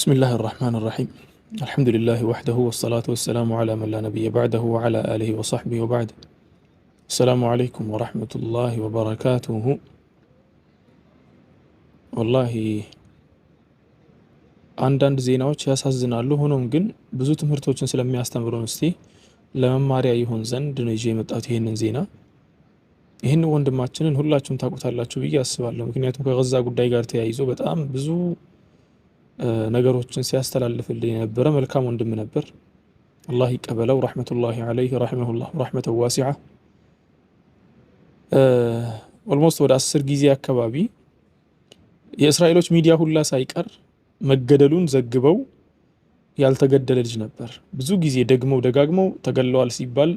ብስሚላህ ራህማን ራሒም አልሐምዱሊላህ ወሕደሁ ወሰላቱ ወሰላሙ ዓላ መላ ነቢየ ባዕደሁ ወዓላ አሊሂ ወሳሕቢሂ ወባዕድ። አሰላሙ ዓለይኩም ወረሕመቱላሂ ወበረካቱሁ። ወላሂ አንዳንድ ዜናዎች ያሳዝናሉ። ሆኖም ግን ብዙ ትምህርቶችን ስለሚያስተምሩን እስቲ ለመማሪያ ይሆን ዘንድ ነው ይዤ የመጣሁት ይህንን ዜና። ይህን ወንድማችንን ሁላችሁም ታውቁታላችሁ ብዬ አስባለሁ። ምክንያቱም ከገዛ ጉዳይ ጋር ተያይዞ በጣም ብዙ ነገሮችን ሲያስተላልፍልኝ የነበረ መልካም ወንድም ነበር። አላህ ይቀበለው። ረሕመቱላሂ ዓለይህ ረሒመሁላህ ረሕመተን ዋሲዓ። ኦልሞስት ወደ አስር ጊዜ አካባቢ የእስራኤሎች ሚዲያ ሁላ ሳይቀር መገደሉን ዘግበው ያልተገደለ ልጅ ነበር። ብዙ ጊዜ ደግመው ደጋግመው ተገለዋል ሲባል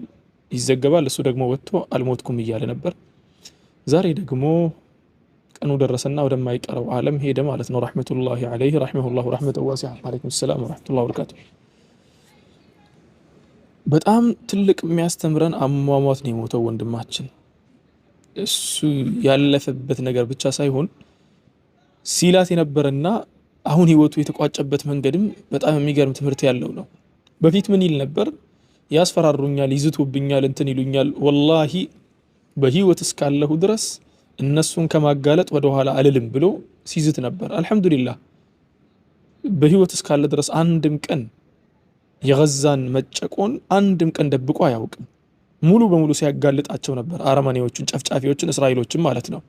ይዘገባል። እሱ ደግሞ ወጥቶ አልሞትኩም እያለ ነበር። ዛሬ ደግሞ ቀኑ ደረሰና ወደማይቀረው ዓለም ሄደ ማለት ነው። ረሕመቱላሂ ዓለይህ ረሕመሁላሁ ረሕመተን ዋሲዓ። ዓለይኩም ሰላም ወረሕመቱላሂ ወበረካቱህ። በጣም ትልቅ የሚያስተምረን አሟሟት ነው የሞተው ወንድማችን። እሱ ያለፈበት ነገር ብቻ ሳይሆን ሲላት የነበረና አሁን ህይወቱ የተቋጨበት መንገድም በጣም የሚገርም ትምህርት ያለው ነው። በፊት ምን ይል ነበር? ያስፈራሩኛል፣ ይዝቱብኛል፣ እንትን ይሉኛል። ወላሂ በህይወት እስካለሁ ድረስ እነሱን ከማጋለጥ ወደኋላ አልልም ብሎ ሲዝት ነበር። አልሐምዱሊላህ በህይወት እስካለ ድረስ አንድም ቀን የገዛን መጨቆን አንድም ቀን ደብቆ አያውቅም። ሙሉ በሙሉ ሲያጋልጣቸው ነበር፣ አረመኔዎቹን፣ ጨፍጫፊዎችን፣ እስራኤሎችን ማለት ነው።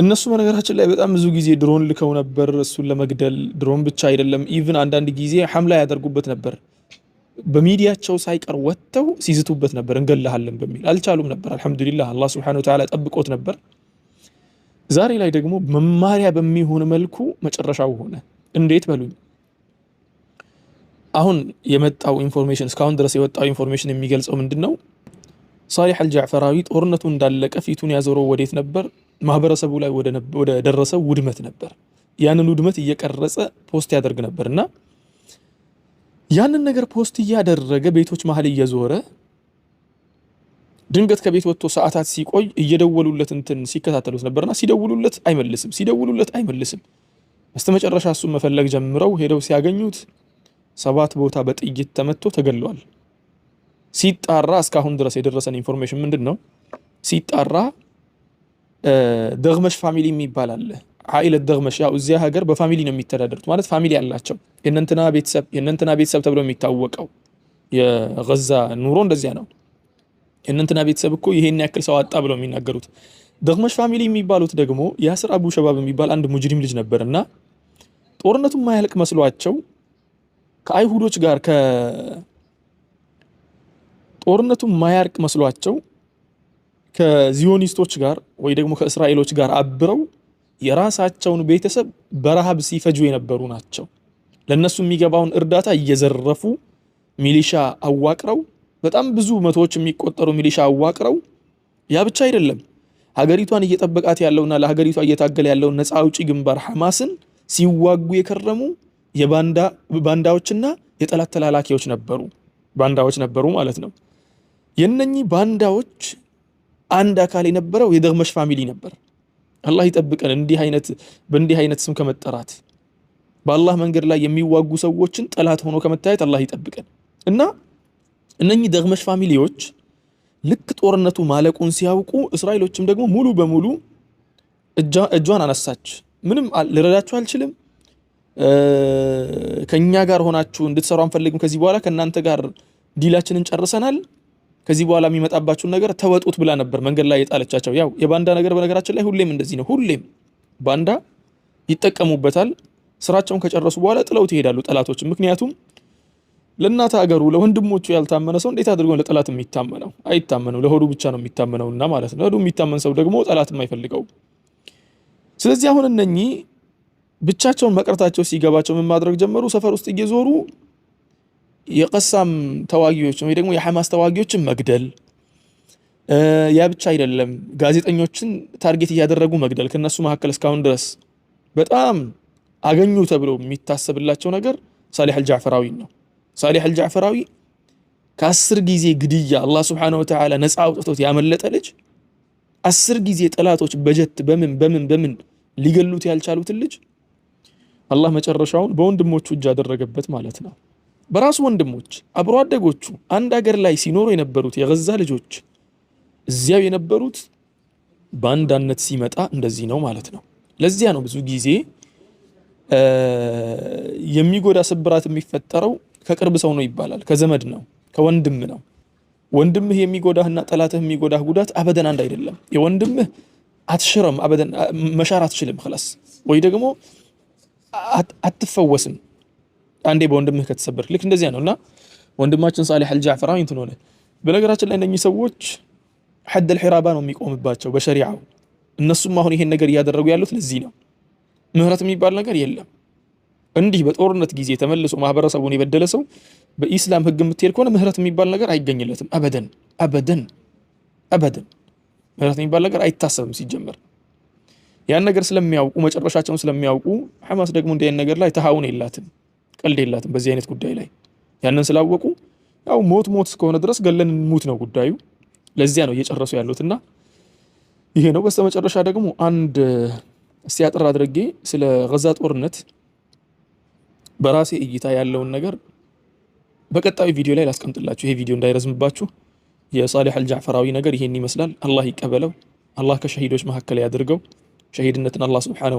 እነሱ በነገራችን ላይ በጣም ብዙ ጊዜ ድሮን ልከው ነበር እሱን ለመግደል። ድሮን ብቻ አይደለም፣ ኢቭን አንዳንድ ጊዜ ሐምላ ያደርጉበት ነበር በሚዲያቸው ሳይቀር ወጥተው ሲዝቱበት ነበር፣ እንገላሃለን በሚል አልቻሉም ነበር። አልሐምዱሊላህ አላህ ሱብሓነሁ ወተዓላ ጠብቆት ነበር። ዛሬ ላይ ደግሞ መማሪያ በሚሆን መልኩ መጨረሻው ሆነ። እንዴት በሉኝ። አሁን የመጣው ኢንፎርሜሽን እስካሁን ድረስ የወጣው ኢንፎርሜሽን የሚገልጸው ምንድን ነው? ሳሊሕ አልጃዕፈራዊ ጦርነቱ እንዳለቀ ፊቱን ያዞረው ወዴት ነበር? ማህበረሰቡ ላይ ወደ ደረሰው ውድመት ነበር። ያንን ውድመት እየቀረጸ ፖስት ያደርግ ነበር እና ያንን ነገር ፖስት እያደረገ ቤቶች መሀል እየዞረ ድንገት ከቤት ወጥቶ ሰዓታት ሲቆይ እየደወሉለት እንትን ሲከታተሉት ነበርና ሲደውሉለት አይመልስም፣ ሲደውሉለት አይመልስም። በስተመጨረሻ እሱን መፈለግ ጀምረው ሄደው ሲያገኙት ሰባት ቦታ በጥይት ተመቶ ተገሏል። ሲጣራ እስካሁን ድረስ የደረሰን ኢንፎርሜሽን ምንድን ነው? ሲጣራ ደግመሽ ፋሚሊ የሚባል አለ አኢለ ደግመሽ ያው እዚያ ሀገር በፋሚሊ ነው የሚተዳደሩት። ማለት ፋሚሊ ያላቸው የእነንትና ቤተሰብ የእነንትና ቤተሰብ ተብሎ የሚታወቀው የገዛ ኑሮ እንደዚያ ነው። የእነንትና ቤተሰብ እኮ ይሄን ያክል ሰው አጣ ብለው የሚናገሩት ደግመሽ ፋሚሊ የሚባሉት ደግሞ የአስር አቡ ሸባብ የሚባል አንድ ሙጅሪም ልጅ ነበር እና ጦርነቱ ማያልቅ መስሏቸው ከአይሁዶች ጋር ጦርነቱ ማያልቅ መስሏቸው ከዚዮኒስቶች ጋር ወይ ደግሞ ከእስራኤሎች ጋር አብረው የራሳቸውን ቤተሰብ በረሃብ ሲፈጁ የነበሩ ናቸው። ለእነሱ የሚገባውን እርዳታ እየዘረፉ ሚሊሻ አዋቅረው በጣም ብዙ መቶዎች የሚቆጠሩ ሚሊሻ አዋቅረው፣ ያ ብቻ አይደለም ሀገሪቷን እየጠበቃት ያለውና ለሀገሪቷ እየታገለ ያለውን ነፃ አውጪ ግንባር ሐማስን ሲዋጉ የከረሙ የባንዳዎችና የጠላት ተላላኪዎች ነበሩ፣ ባንዳዎች ነበሩ ማለት ነው። የነኚህ ባንዳዎች አንድ አካል የነበረው የደግመሽ ፋሚሊ ነበር። አላህ ይጠብቀን እንዲህ አይነት በእንዲህ አይነት ስም ከመጠራት በአላህ መንገድ ላይ የሚዋጉ ሰዎችን ጠላት ሆኖ ከመታየት አላህ ይጠብቀን እና እነኚህ ደግመሽ ፋሚሊዎች ልክ ጦርነቱ ማለቁን ሲያውቁ እስራኤሎችም ደግሞ ሙሉ በሙሉ እጇን አነሳች። ምንም ልረዳችሁ አልችልም፣ ከእኛ ጋር ሆናችሁ እንድትሰሩ አንፈልግም፣ ከዚህ በኋላ ከእናንተ ጋር ዲላችንን ጨርሰናል ከዚህ በኋላ የሚመጣባችሁን ነገር ተወጡት ብላ ነበር መንገድ ላይ የጣለቻቸው። ያው የባንዳ ነገር በነገራችን ላይ ሁሌም እንደዚህ ነው። ሁሌም ባንዳ ይጠቀሙበታል። ስራቸውን ከጨረሱ በኋላ ጥለውት ይሄዳሉ ጠላቶች። ምክንያቱም ለእናት ሀገሩ ለወንድሞቹ ያልታመነ ሰው እንዴት አድርጎ ለጠላት የሚታመነው? አይታመነው። ለሆዱ ብቻ ነው እና ማለት ነው። ለሆዱ የሚታመን ሰው ደግሞ ጠላት የማይፈልገው ስለዚህ አሁን እነኚህ ብቻቸውን መቅረታቸው ሲገባቸው ምን ማድረግ ጀመሩ? ሰፈር ውስጥ እየዞሩ የቀሳም ተዋጊዎች ወይ ደግሞ የሐማስ ተዋጊዎችን መግደል ያ ብቻ አይደለም፣ ጋዜጠኞችን ታርጌት እያደረጉ መግደል። ከነሱ መካከል እስካሁን ድረስ በጣም አገኙ ተብሎ የሚታሰብላቸው ነገር ሳሌሕ አልጃዕፈራዊ ነው። ሳሌሕ አልጃዕፈራዊ ከአስር ጊዜ ግድያ አላህ ስብሓነሁ ወተዓላ ነፃ አውጥቶት ያመለጠ ልጅ አስር ጊዜ ጠላቶች በጀት በምን በምን በምን ሊገሉት ያልቻሉትን ልጅ አላህ መጨረሻውን በወንድሞቹ እጅ አደረገበት ማለት ነው። በራሱ ወንድሞች አብሮ አደጎቹ አንድ አገር ላይ ሲኖሩ የነበሩት የገዛ ልጆች እዚያው የነበሩት በአንዳነት ሲመጣ እንደዚህ ነው ማለት ነው። ለዚያ ነው ብዙ ጊዜ የሚጎዳ ስብራት የሚፈጠረው ከቅርብ ሰው ነው ይባላል። ከዘመድ ነው፣ ከወንድም ነው። ወንድምህ የሚጎዳህና ጠላትህ የሚጎዳህ ጉዳት አበደን አንድ አይደለም። የወንድምህ አትሽረም፣ አበደን መሻር አትችልም ክላስ ወይ ደግሞ አትፈወስም። አንዴ በወንድምህ ከተሰበር ልክ እንደዚያ ነው እና ወንድማችን ሳሊህ አልጃዕፈራ እንትን ሆነ። በነገራችን ላይ እነኚህ ሰዎች ሐደል ሒራባ ነው የሚቆምባቸው በሸሪዓው። እነሱም አሁን ይሄን ነገር እያደረጉ ያሉት ለዚህ ነው። ምህረት የሚባል ነገር የለም። እንዲህ በጦርነት ጊዜ ተመልሶ ማህበረሰቡን የበደለ ሰው በኢስላም ህግ የምትሄድ ከሆነ ምህረት የሚባል ነገር አይገኝለትም። አበደን አበደን አበደን ምህረት የሚባል ነገር አይታሰብም ሲጀመር ያን ነገር ስለሚያውቁ መጨረሻቸውን ስለሚያውቁ ሐማስ ደግሞ እንዲህ ነገር ላይ ተሃውን የላትም። ቀልድ የላትም በዚህ አይነት ጉዳይ ላይ ያንን ስላወቁ ያው ሞት ሞት እስከሆነ ድረስ ገለን ሙት ነው ጉዳዩ። ለዚያ ነው እየጨረሱ ያሉት እና ይሄ ነው። በስተመጨረሻ ደግሞ አንድ እስቲ አጠር አድርጌ ስለ ገዛ ጦርነት በራሴ እይታ ያለውን ነገር በቀጣዩ ቪዲዮ ላይ ላስቀምጥላችሁ። ይሄ ቪዲዮ እንዳይረዝምባችሁ። የሳሌሕ አልጃዕፈራዊ ነገር ይሄን ይመስላል። አላህ ይቀበለው። አላህ ከሸሂዶች መካከል ያድርገው። ሸሂድነትን አላህ ስብሓነሁ